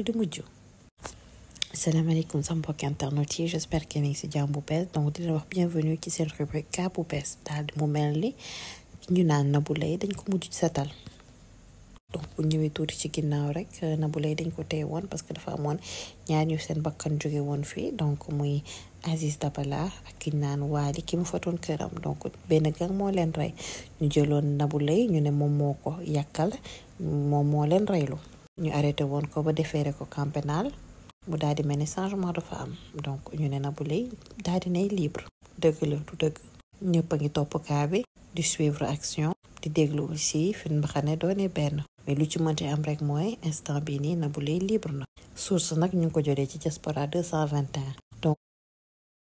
bi di mujj salaamaaleykum sama mbokki internet yi j'espère que ni si jàmm bu bees donc di la wax bienvenue ci seen rubrique cas bu bees daal di mu mel ni ñu naan Nabou Leye dañ ko mujj setal donc bu ñëwee tuuti ci ginnaaw rek Nabou Leye dañ ko téye woon parce que dafa amoon ñaar ñu seen bakkan jóge woon fii donc muy Aziz Dabala ak ki naan Waly ki mu fatoon këram donc benn gang moo leen rey ñu jëloon Nabou ñu ne moom moo ko yàkkal moom moo leen reylu ñu arrêté woon ko ba defeere ko camp pénal bu daal di mel ni changement dafa am donc ñu ne na Leye daldi di nay libre dëgg la du dëgg ñëpp a ngi topp kaa bi di suivre action di déglu aussi fin mbaxane doone benn mais lu ci mënti am rek mooy instant bii nii na Leye libre na source nag ñu ngi ko jëlee ci diaspora 221